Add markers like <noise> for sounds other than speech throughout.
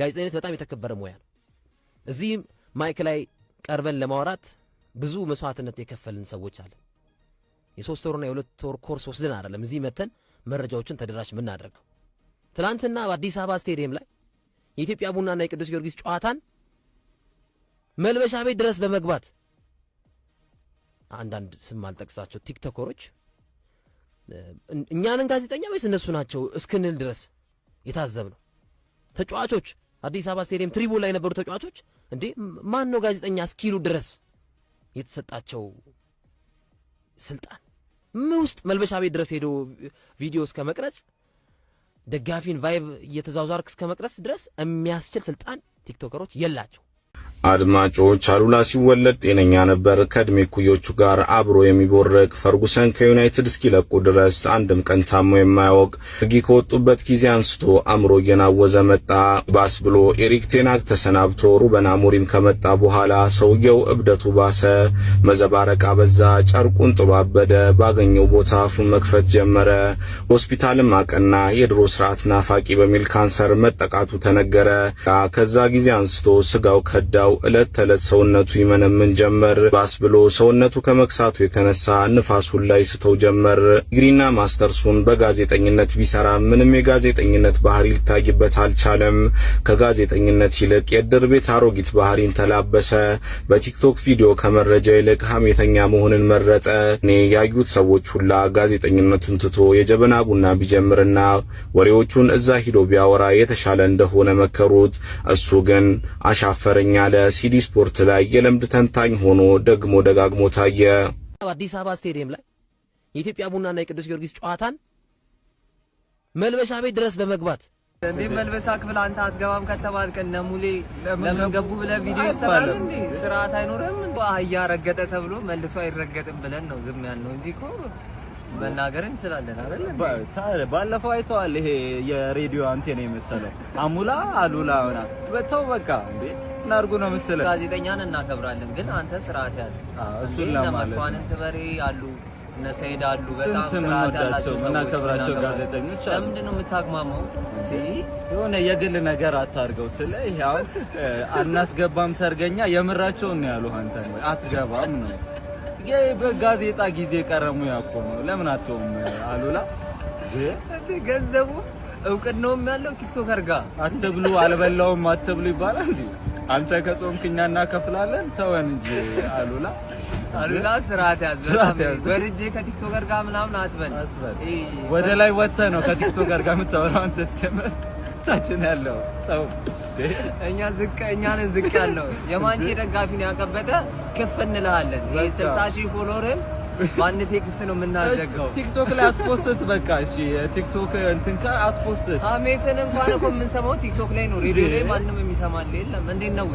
ጋዜጠኝነት በጣም የተከበረ ሙያ ነው። እዚህ ማይክ ላይ ቀርበን ለማውራት ብዙ መስዋዕትነት የከፈልን ሰዎች አለ። የሶስት ወርና የሁለት ወር ኮርስ ወስደን አይደለም እዚህ መተን መረጃዎችን ተደራሽ የምናደርገው። ትናንትና በአዲስ አበባ ስቴዲየም ላይ የኢትዮጵያ ቡናና የቅዱስ ጊዮርጊስ ጨዋታን መልበሻ ቤት ድረስ በመግባት አንዳንድ ስም አልጠቅሳቸው ቲክቶከሮች እኛንን ጋዜጠኛ ወይስ እነሱ ናቸው እስክንል ድረስ የታዘብ ነው። ተጫዋቾች አዲስ አበባ ስቴዲየም ትሪቡን ላይ የነበሩ ተጫዋቾች እንዴ ማን ነው ጋዜጠኛ እስኪሉ ድረስ የተሰጣቸው ስልጣን ውስጥ መልበሻ ቤት ድረስ ሄዶ ቪዲዮ እስከ መቅረጽ ደጋፊን ቫይብ እየተዟዟርክ እስከ መቅረጽ ድረስ የሚያስችል ስልጣን ቲክቶከሮች የላቸው። አድማጮች አሉላ ሲወለድ ጤነኛ ነበር። ከእድሜ ኩዮቹ ጋር አብሮ የሚቦርቅ ፈርጉሰን ከዩናይትድ እስኪለቁ ድረስ አንድም ቀን ታሞ የማያውቅ ጊ ከወጡበት ጊዜ አንስቶ አእምሮ እየናወዘ መጣ። ባስ ብሎ ኤሪክ ቴናክ ተሰናብቶ ሩበን አሞሪም ከመጣ በኋላ ሰውየው እብደቱ ባሰ፣ መዘባረቃ በዛ፣ ጨርቁን ጥባበደ። ባገኘው ቦታ አፉን መክፈት ጀመረ። ሆስፒታልም አቀና። የድሮ ስርዓት ናፋቂ በሚል ካንሰር መጠቃቱ ተነገረ። ከዛ ጊዜ አንስቶ ስጋው ከዳው። ሰው ዕለት ተዕለት ሰውነቱ ይመነምን ጀመር። ባስ ብሎ ሰውነቱ ከመክሳቱ የተነሳ ንፋስ ላይ ስተው ጀመር። ዲግሪና ማስተርሱን በጋዜጠኝነት ቢሰራ ምንም የጋዜጠኝነት ባህሪ ሊታይበት አልቻለም። ከጋዜጠኝነት ይልቅ የእድር ቤት አሮጊት ባህሪን ተላበሰ። በቲክቶክ ቪዲዮ ከመረጃ ይልቅ ሐሜተኛ መሆንን መረጠ። እኔ ያዩት ሰዎች ሁላ ጋዜጠኝነቱን ትቶ የጀበና ቡና ቢጀምርና ወሬዎቹን እዛ ሂዶ ቢያወራ የተሻለ እንደሆነ መከሩት። እሱ ግን አሻፈረኝ አለ። በሲዲ ስፖርት ላይ የልምድ ተንታኝ ሆኖ ደግሞ ደጋግሞ ታየ። አዲስ አበባ ስቴዲየም ላይ የኢትዮጵያ ቡናና የቅዱስ ጊዮርጊስ ጨዋታን መልበሻ ቤት ድረስ በመግባት እንዴ መልበሻ ክፍል አንተ አትገባም ከተባልከ እነ ሙሌ ለምን ገቡ ብለህ ቪዲዮ ይሰራል እንዴ? ስርዓት አይኖርም እንዴ? አህያ ረገጠ ተብሎ መልሶ አይረገጥም ብለን ነው ዝም ያልነው እንጂ እኮ መናገር እንችላለን አይደል? ባለፈው አይተዋል። ይሄ የሬዲዮ አንቴና የመሰለው አሙላ አሉላ ሆና በተው በቃ እንዴ እናድርጉ ነው የምትለው። ጋዜጠኛን እናከብራለን፣ ግን አንተ ስርዓት ያዝ። እሱን ለማለት በሬ አሉ እነ ሰይድ አሉ። በጣም ስርዓት ያላቸው እናከብራቸው ጋዜጠኞች አሉ። ለምንድን ነው የምታግማመው? የሆነ የግል ነገር አታርገው። ስለ ይኸው አናስገባም ሰርገኛ የምራቸውን ነው ያሉ። አንተ አትገባም ነው በጋዜጣ ጊዜ ቀረሙ ያኮ ነው። ለምን አትተውም? አሉላ ገንዘቡ እውቅናውም ያለው ቲክቶከር ጋር አትብሉ፣ አልበላውም አትብሉ ይባላል። እንዴ? አንተ ከጾምክ እኛ እናከፍላለን። ተወን እንጂ አሉላ አሉላ ስርዓት ያዝ ወርጄ ከቲክቶከር ጋር ምናምን አትበል። ወደ ላይ ወጥተህ ነው ከቲክቶከር ጋር የምታወራው አንተ። ስጀምር ታችን ያለው ተው። እኛ ዝቅ እኛ ነን ዝቅ ያለው። የማንቺ ደጋፊ ነው ያቀበጠ ክፍ እንልሃለን። ይሄ 60 ሺህ ፎሎወርህን በአንድ ቴክስት ነው የምናዘጋው። ቲክቶክ ላይ አትፖስት፣ በቃ እሺ። ቲክቶክ እንትን ካል አትፖስት። ሀሜትን እንኳን እኮ የምንሰማው ቲክቶክ ላይ ነው። ሬዲዮ ላይ ማንም የሚሰማል የለም። እንዴት ነው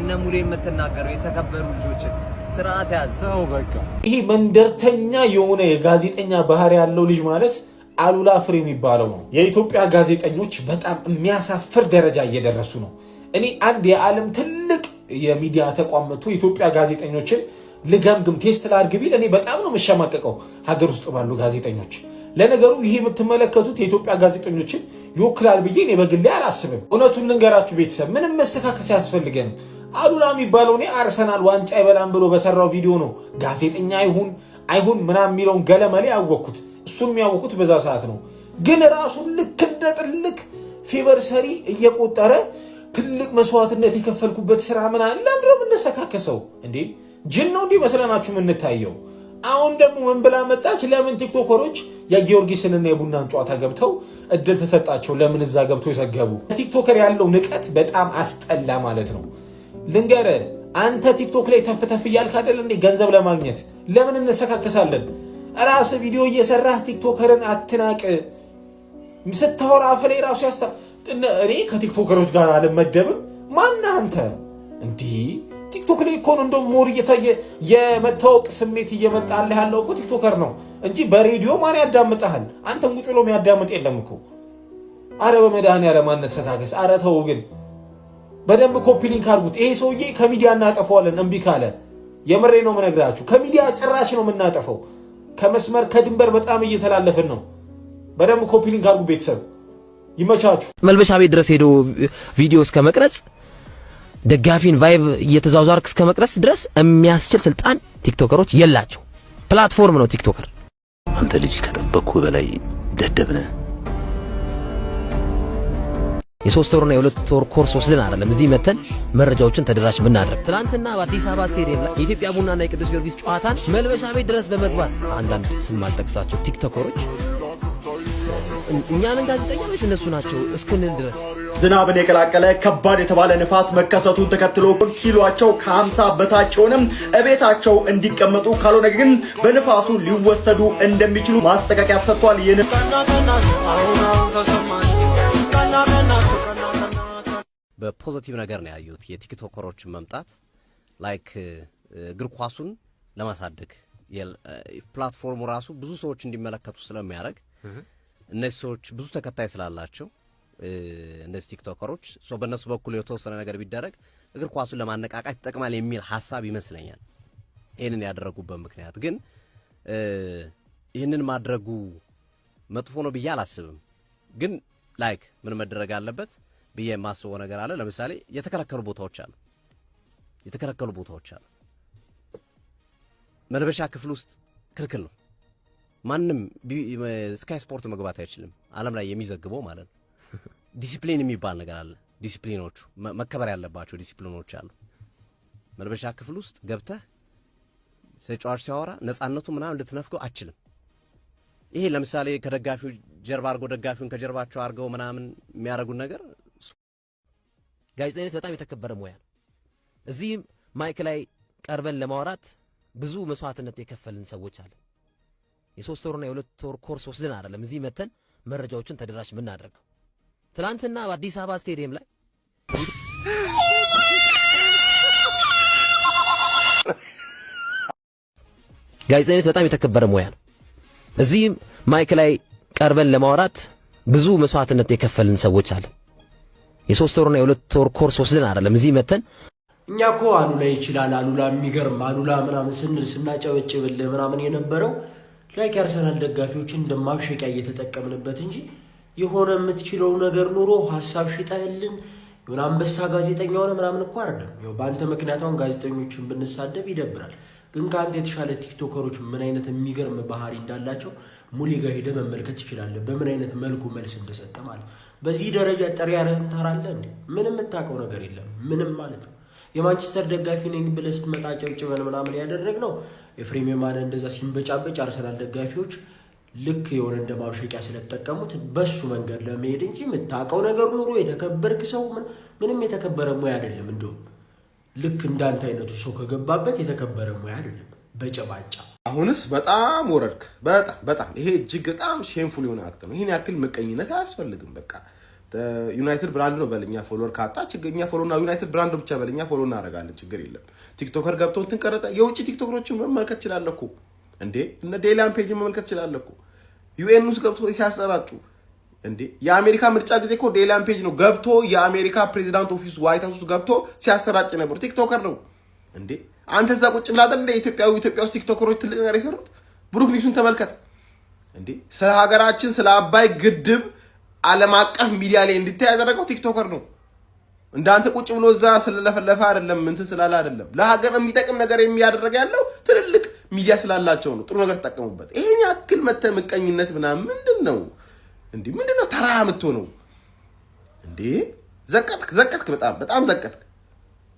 እነ ሙሌ የምትናገረው? የተከበሩ ልጆችን ስርዓት ያዝ ሰው በቃ። ይሄ መንደርተኛ የሆነ የጋዜጠኛ ባህሪ ያለው ልጅ ማለት አሉላ ፍሬ የሚባለው ነው። የኢትዮጵያ ጋዜጠኞች በጣም የሚያሳፍር ደረጃ እየደረሱ ነው። እኔ አንድ የዓለም ትልቅ የሚዲያ ተቋም መጥቶ የኢትዮጵያ ጋዜጠኞችን ልገምግም፣ ቴስት ላድርግ ቢል እኔ በጣም ነው የምሸማቀቀው። ሀገር ውስጥ ባሉ ጋዜጠኞች ለነገሩ ይሄ የምትመለከቱት የኢትዮጵያ ጋዜጠኞችን ይወክላል ብዬ እኔ በግሌ አላስብም። እውነቱን ልንገራችሁ ቤተሰብ፣ ምንም መስተካከል ሲያስፈልገን አሉላ የሚባለው እኔ አርሰናል ዋንጫ ይበላም ብሎ በሰራው ቪዲዮ ነው ጋዜጠኛ ይሁን አይሁን ምናምን የሚለውን ገለመሌ ያወቅኩት። እሱን የሚያወቁት በዛ ሰዓት ነው። ግን ራሱን ልክ እንደ ጥልቅ ፌቨርሰሪ እየቆጠረ ትልቅ መስዋዕትነት የከፈልኩበት ስራ ምናምን ለምንድነው የምንሰካከሰው እንዴ? ጅን ነው እንዲህ መስለናችሁ የምንታየው። አሁን ደግሞ ምን ብላ መጣች? ለምን ቲክቶከሮች የጊዮርጊስንና የቡናን ጨዋታ ገብተው እድል ተሰጣቸው? ለምን እዛ ገብተው የሰገቡ? ቲክቶከር ያለው ንቀት በጣም አስጠላ ማለት ነው። ልንገረ አንተ ቲክቶክ ላይ ተፍተፍ እያልክ አደለ እንዴ ገንዘብ ለማግኘት ለምን እንሰካከሳለን? ራስ ቪዲዮ እየሰራህ ቲክቶከርን አትናቅ። ስታወራ አፍ ላይ ራሱ ያስታ እኔ ከቲክቶከሮች ጋር አልመደብም። ማና አንተ እንዲህ ቲክቶክ ላይ እኮ ነው እንደውም ሞር እየታየ የመታወቅ ስሜት እየመጣልህ ያለው እኮ ቲክቶከር ነው እንጂ በሬዲዮ ማን ያዳምጠሃል? አንተን ቁጭ ብሎ የሚያዳምጥ የለም እኮ። አረ በመድኃኒዓለም አነሰታከስ። አረ ተው ግን በደንብ ኮፒ ሊንክ አድርጉት። ይሄ ሰውዬ ከሚዲያ እናጠፈዋለን እምቢ ካለ። የምሬ ነው የምነግራችሁ፣ ከሚዲያ ጭራሽ ነው የምናጠፈው። ከመስመር ከድንበር በጣም እየተላለፍን ነው። በደንብ ኮፒ ሊንክ አድርጉ ቤተሰብ። ይመቻችሁ። መልበሻ ቤት ድረስ ሄዶ ቪዲዮ እስከ መቅረጽ ደጋፊን ቫይብ እየተዟዟርክ እስከ መቅረስ ድረስ የሚያስችል ስልጣን ቲክቶከሮች የላቸው። ፕላትፎርም ነው ቲክቶከር። አንተ ልጅ ከጠበቅኩ በላይ ደደብነ የሶስት የሶስት ነው የሁለት ወር ኮርስ ወስደን አይደለም እዚህ መተን መረጃዎችን ተደራሽ ምናደርግ። ትናንትና በአዲስ አበባ ስቴዲየም ላይ የኢትዮጵያ ቡናና የቅዱስ ጊዮርጊስ ጨዋታን መልበሻ ቤት ድረስ በመግባት አንዳንድ ስም አልጠቅሳቸው ቲክቶከሮች እኛንን ጋዜጠኞች እነሱ ናቸው እስክንል ድረስ ዝናብን የቀላቀለ ከባድ የተባለ ንፋስ መከሰቱን ተከትሎ ኪሏቸው ከሀምሳ በታች የሆነም እቤታቸው እንዲቀመጡ ካልሆነ ግን በንፋሱ ሊወሰዱ እንደሚችሉ ማስጠንቀቂያ ሰጥቷል። ይህን በፖዘቲቭ ነገር ነው ያዩት የቲክቶከሮችን መምጣት ላይክ እግር ኳሱን ለማሳደግ ፕላትፎርሙ ራሱ ብዙ ሰዎች እንዲመለከቱ ስለሚያደርግ እነዚህ ሰዎች ብዙ ተከታይ ስላላቸው እነዚህ ቲክቶከሮች በእነሱ በኩል የተወሰነ ነገር ቢደረግ እግር ኳሱን ለማነቃቃት ይጠቅማል የሚል ሀሳብ ይመስለኛል። ይህንን ያደረጉበት ምክንያት ግን ይህንን ማድረጉ መጥፎ ነው ብዬ አላስብም። ግን ላይክ ምን መደረግ አለበት ብዬ የማስበው ነገር አለ። ለምሳሌ የተከለከሉ ቦታዎች አሉ፣ የተከለከሉ ቦታዎች አሉ። መልበሻ ክፍል ውስጥ ክልክል ነው። ማንም ስካይ ስፖርት መግባት አይችልም፣ ዓለም ላይ የሚዘግበው ማለት ነው። <laughs> ዲሲፕሊን የሚባል ነገር አለ። ዲሲፕሊኖቹ መከበር ያለባቸው ዲሲፕሊኖች አሉ። መልበሻ ክፍል ውስጥ ገብተህ ተጫዋች ሲያወራ ነፃነቱ ምናምን ልትነፍገው አችልም። ይሄ ለምሳሌ ከደጋፊው ጀርባ አድርገው ደጋፊውን ከጀርባቸው አድርገው ምናምን የሚያደርጉን ነገር ጋዜጠኝነት በጣም የተከበረ ሙያ ነው። እዚህም ማይክ ላይ ቀርበን ለማውራት ብዙ መስዋዕትነት የከፈልን ሰዎች አለን። የሶስት ወርና የሁለት ወር ኮርስ ወስደን አይደለም እዚህ መተን መረጃዎችን ተደራሽ የምናደርገው። ትናንትና በአዲስ አበባ ስቴዲየም ላይ ጋዜጠኝነት በጣም የተከበረ ሙያ ነው። እዚህ ማይክ ላይ ቀርበን ለማውራት ብዙ መስዋዕትነት የከፈልን ሰዎች አለ። የሶስት ወርና የሁለት ወር ኮርስ ወስደን አይደለም እዚህ መተን እኛ እኮ አሉላ ይችላል አሉላ የሚገርም አሉላ ምናምን ስንል ስናጨበጭብል ምናምን የነበረው ላይክ የአርሰናል ደጋፊዎችን እንደማብሸቂያ እየተጠቀምንበት እንጂ የሆነ የምትችለው ነገር ኑሮ ሀሳብ ሽጠህልን የሆነ አንበሳ ጋዜጠኛ ሆነ ምናምን እኮ አይደለም። ያው በአንተ ምክንያት አሁን ጋዜጠኞችን ብንሳደብ ይደብራል። ግን ከአንተ የተሻለ ቲክቶከሮች ምን አይነት የሚገርም ባህሪ እንዳላቸው ሙሊ ጋር ሄደህ መመልከት ትችላለህ። በምን አይነት መልኩ መልስ እንደሰጠ ማለት በዚህ ደረጃ ጠሪ ያረህን ታራለህ እንዴ? ምንም የምታውቀው ነገር የለም ምንም ማለት ነው። የማንቸስተር ደጋፊ ነኝ ብለህ ስትመጣ ጨብጭበን ምናምን ነው ኤፍሬም የማነ እንደዛ ሲንበጫበጭ አርሰናል ደጋፊዎች ልክ የሆነ እንደ ማብሸቂያ ስለተጠቀሙት በሱ መንገድ ለመሄድ እንጂ የምታውቀው ነገር ኑሮ የተከበርክ ሰው ምንም የተከበረ ሙያ አይደለም። እንደውም ልክ እንዳንተ አይነቱ ሰው ከገባበት የተከበረ ሙያ አይደለም። በጨባጫ አሁንስ በጣም ወረድክ። በጣም በጣም ይሄ እጅግ በጣም ሼንፉል የሆነ አክት ነው። ይህን ያክል ምቀኝነት አያስፈልግም። በቃ ዩናይትድ ብራንድ ነው በልኛ ፎሎወር ካጣ ችግኛ ፎሎና ዩናይትድ ብራንድ ብቻ በልኛ ፎሎ እናደርጋለን። ችግር የለም። ቲክቶከር ገብቶ እንትን የውጭ ቲክቶከሮችን መመልከት ችላለኩ እንዴ እነ ዴላን ፔጅ መመልከት ችላለኩ። ዩኤን ውስጥ ገብቶ ሲያሰራጩ እንዴ የአሜሪካ ምርጫ ጊዜ እኮ ዴላን ፔጅ ነው ገብቶ የአሜሪካ ፕሬዚዳንት ኦፊስ ዋይት ሀውስ ገብቶ ሲያሰራጭ ነበር። ቲክቶከር ነው እንዴ አንተ እዛ ቁጭ ብላ አይደል ኢትዮጵያዊ ኢትዮጵያ ውስጥ ቲክቶከሮች ትልቅ ነገር የሰሩት። ብሩክ ተመልከት እንዴ ስለ ሀገራችን ስለ አባይ ግድብ ዓለም አቀፍ ሚዲያ ላይ እንድታይ ያደረገው ቲክቶከር ነው። እንዳንተ ቁጭ ብሎ እዛ ስለለፈለፈ አይደለም፣ እንትን ስላለ አይደለም። ለሀገር የሚጠቅም ነገር የሚያደረገ ያለው ትልልቅ ሚዲያ ስላላቸው ነው። ጥሩ ነገር ተጠቀሙበት። ይሄን ያክል መተህ ምቀኝነት ምናምን ምንድን ነው እንዲህ ምንድን ነው ተራ እንዴ? ዘቀጥክ ዘቀጥክ፣ በጣም በጣም ዘቀጥክ።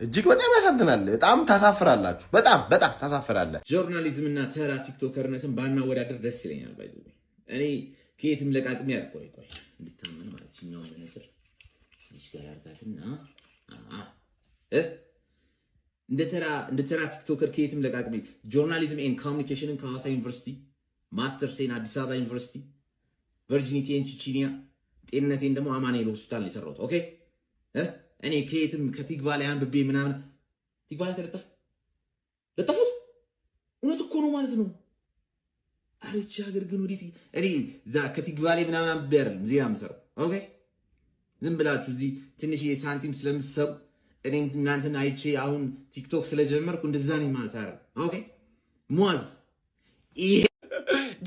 እጅግ በጣም ያሳዝናል። በጣም ታሳፍራላችሁ። በጣም በጣም ታሳፍራለህ። ጆርናሊዝምና ተራ ቲክቶከርነትን ባናወዳደር ደስ ይለኛል። ባይ እኔ ከየትም ለቃቅሜ ያልቆይ ቆይ እንድታመን ማለት ችኛውን መነጽር እዚች ጋር አርጋትና እንደ ተራ ቲክቶከር ከየትም ለቃቅሜ ጆርናሊዝም ኤንድ ኮሚኒኬሽንን ከሐዋሳ ዩኒቨርሲቲ ማስተር ሴን አዲስ አበባ ዩኒቨርሲቲ ቨርጂኒቲ ቨርጂኒቲን ቺቺኒያ ጤንነቴን ደግሞ አማኑኤል ሆስፒታል የሰራሁት። ኦኬ እኔ ከየትም ከቲግባ ላይ አንብቤ ምናምን ቲግባ ላይ ተለጠፍ ለጠፉት እውነት እኮ ነው ማለት ነው። ካለች ሀገር ግን ወዴት እኔ እዛ ከቲግባ ላይ ምናምን አብቤ ዜና የምሰራው። ኦኬ ዝም ብላችሁ እዚህ ትንሽ የሳንቲም ስለምትሰሩ እኔ እናንተን አይቼ አሁን ቲክቶክ ስለጀመርኩ እንደዛ ነኝ ማለት አይደለም። ኦኬ ሙዋዝ ይሄ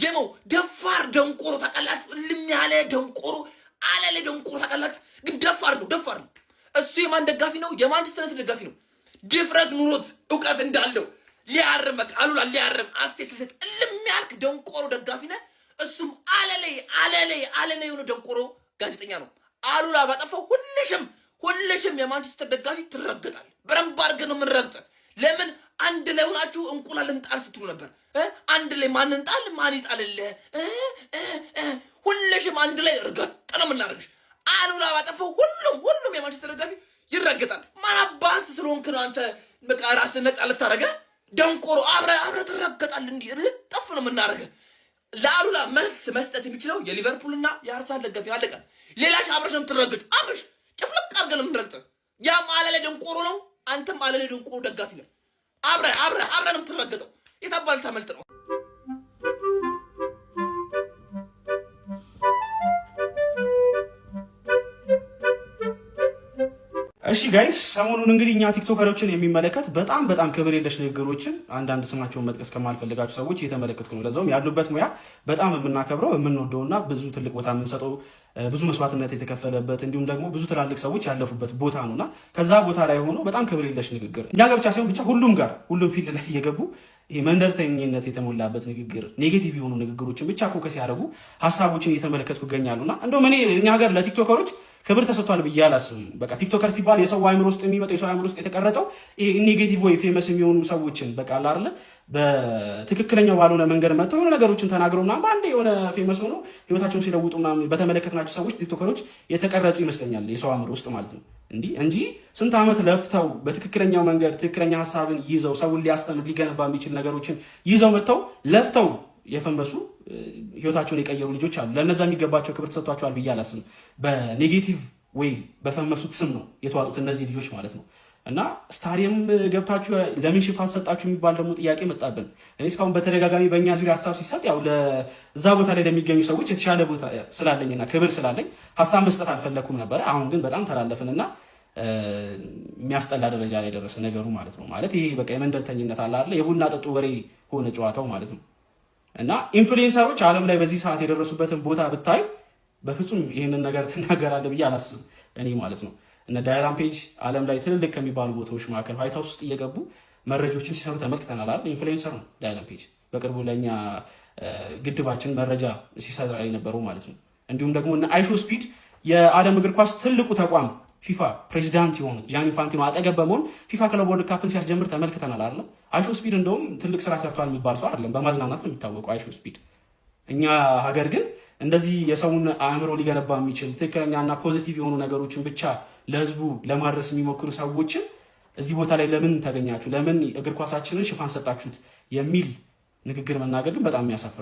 ጀሞ ደፋር ደንቆሮ ታውቃላችሁ። እልም ያለ ደንቆሮ አለለ ደንቆሮ ታውቃላችሁ። ግን ደፋር ነው፣ ደፋር ነው። እሱ የማን ደጋፊ ነው? የማንቸስተር ደጋፊ ነው። ድፍረት ኑሮት እውቀት እንዳለው ሊያርም በቃ አሉላ ሊያርም አስቴ ስልሰት እልም ያልክ ደንቆሮ ደጋፊ ነህ። እሱም አለለይ አለለይ አለለይ የሆነ ደንቆሮ ጋዜጠኛ ነው። አሉላ ባጠፋው ሁልሽም ሁልሽም የማንቸስተር ደጋፊ ትረግጣል። በደንብ አድርገን ነው የምንረግጥ። ለምን አንድ ላይ ሆናችሁ እንቁላል እንጣል ስትሉ ነበር። አንድ ላይ ማን እንጣል ማን ይጣልልህ? ሁልሽም አንድ ላይ እርገጥ ነው የምናደርግሽ። አሉላ ባጠፋው ሁሉም ሁሉም የማንቸስተር ደጋፊ ይረግጣል። ማን አባት ስለሆንክ ነው አንተ በቃ ራስን ነጻ ልታደርገ ደንቆሮ አብረ አብረህ ትረገጣለህ። እንዲህ ልጠፍ ነው የምናደርገህ። ለአሉላ መልስ መስጠት የሚችለው የሊቨርፑልና የአርሰናል ደጋፊ አለቀ። ሌላሽ አብረሽ ነው የምትረገጥ። አብረሽ ጭፍለቅ አድርገህ ነው የምትረግጠው። ያም አለሌ ደንቆሮ ነው፣ አንተም አለሌ ደንቆሮ ደጋፊ ነው። አብረ አብረ አብረ ነው የምትረገጠው። የታባል ተመልጥ ነው እሺ ጋይስ ሰሞኑን እንግዲህ እኛ ቲክቶከሮችን የሚመለከት በጣም በጣም ክብር የለሽ ንግግሮችን አንዳንድ ስማቸውን መጥቀስ ከማልፈልጋቸው ሰዎች እየተመለከትኩ ነው። ለዛውም ያሉበት ሙያ በጣም የምናከብረው የምንወደውና ብዙ ትልቅ ቦታ የምንሰጠው ብዙ መስዋዕትነት የተከፈለበት እንዲሁም ደግሞ ብዙ ትላልቅ ሰዎች ያለፉበት ቦታ ነውና ከዛ ቦታ ላይ ሆኖ በጣም ክብር የለሽ ንግግር እኛ ጋር ብቻ ሳይሆን ብቻ ሁሉም ጋር ሁሉም ፊልድ ላይ እየገቡ መንደርተኝነት የተሞላበት ንግግር፣ ኔጌቲቭ የሆኑ ንግግሮችን ብቻ ፎከስ ያደረጉ ሀሳቦችን እየተመለከትኩ እና እንደውም እኔ እኛ ጋር ለቲክቶከሮች ክብር ተሰጥቷል ብዬ አላስብም። በቃ ቲክቶከር ሲባል የሰው አይምሮ ውስጥ የሚመጣው የሰው አይምሮ ውስጥ የተቀረጸው ኔጌቲቭ ወይ ፌመስ የሚሆኑ ሰዎችን በቃ ላርለ በትክክለኛው ባልሆነ መንገድ መጥተው የሆነ ነገሮችን ተናግረው ምናምን በአንድ የሆነ ፌመስ ሆኖ ህይወታቸውን ሲለውጡ ምናምን በተመለከትናቸው ሰዎች ቲክቶከሮች የተቀረጹ ይመስለኛል የሰው አይምሮ ውስጥ ማለት ነው እንዲህ እንጂ ስንት ዓመት ለፍተው በትክክለኛው መንገድ ትክክለኛ ሀሳብን ይዘው ሰውን ሊያስተምር ሊገነባ የሚችል ነገሮችን ይዘው መጥተው ለፍተው የፈንበሱ ህይወታቸውን የቀየሩ ልጆች አሉ። ለነዛ የሚገባቸው ክብር ተሰጥቷቸዋል ብዬ አላስብም። በኔጌቲቭ ወይ በፈመሱት ስም ነው የተዋጡት እነዚህ ልጆች ማለት ነው። እና ስታዲየም ገብታችሁ ለምን ሽፋን ሰጣችሁ የሚባል ደግሞ ጥያቄ መጣብን። እኔ እስካሁን በተደጋጋሚ በእኛ ዙሪያ ሀሳብ ሲሰጥ ያው እዛ ቦታ ላይ ለሚገኙ ሰዎች የተሻለ ቦታ ስላለኝና ክብር ስላለኝ ሀሳብ መስጠት አልፈለግኩም ነበረ። አሁን ግን በጣም ተላለፍንና የሚያስጠላ ደረጃ ላይ ደረሰ ነገሩ ማለት ነው። ማለት ይህ በቃ የመንደርተኝነት አለ የቡና ጠጡ ወሬ ሆነ ጨዋታው ማለት ነው። እና ኢንፍሉዌንሰሮች ዓለም ላይ በዚህ ሰዓት የደረሱበትን ቦታ ብታይ በፍጹም ይህንን ነገር ትናገራለህ ብዬ አላስብም፣ እኔ ማለት ነው። እነ ዳይላን ፔጅ ዓለም ላይ ትልልቅ ከሚባሉ ቦታዎች መካከል ዋይት ሃውስ ውስጥ እየገቡ መረጃዎችን ሲሰሩ ተመልክተናል። ኢንፍሉዌንሰር ነው ዳይላን ፔጅ። በቅርቡ ለእኛ ግድባችን መረጃ ሲሰራ የነበረው ማለት ነው። እንዲሁም ደግሞ እነ አይሾ ስፒድ የዓለም እግር ኳስ ትልቁ ተቋም ፊፋ ፕሬዚዳንት የሆኑት ጃን ኢንፋንቲኖ አጠገብ በመሆን ፊፋ ክለብ ወርልድ ካፕን ሲያስጀምር ተመልክተናል። አለ አይሾ ስፒድ እንደውም ትልቅ ስራ ሰርቷል የሚባል ሰው አይደለም። በማዝናናት ነው የሚታወቀው አይሾ ስፒድ። እኛ ሀገር ግን እንደዚህ የሰውን አእምሮ ሊገነባ የሚችል ትክክለኛና ፖዚቲቭ የሆኑ ነገሮችን ብቻ ለህዝቡ ለማድረስ የሚሞክሩ ሰዎችን እዚህ ቦታ ላይ ለምን ተገኛችሁ፣ ለምን እግር ኳሳችንን ሽፋን ሰጣችሁት የሚል ንግግር መናገር ግን በጣም የሚያሳፍር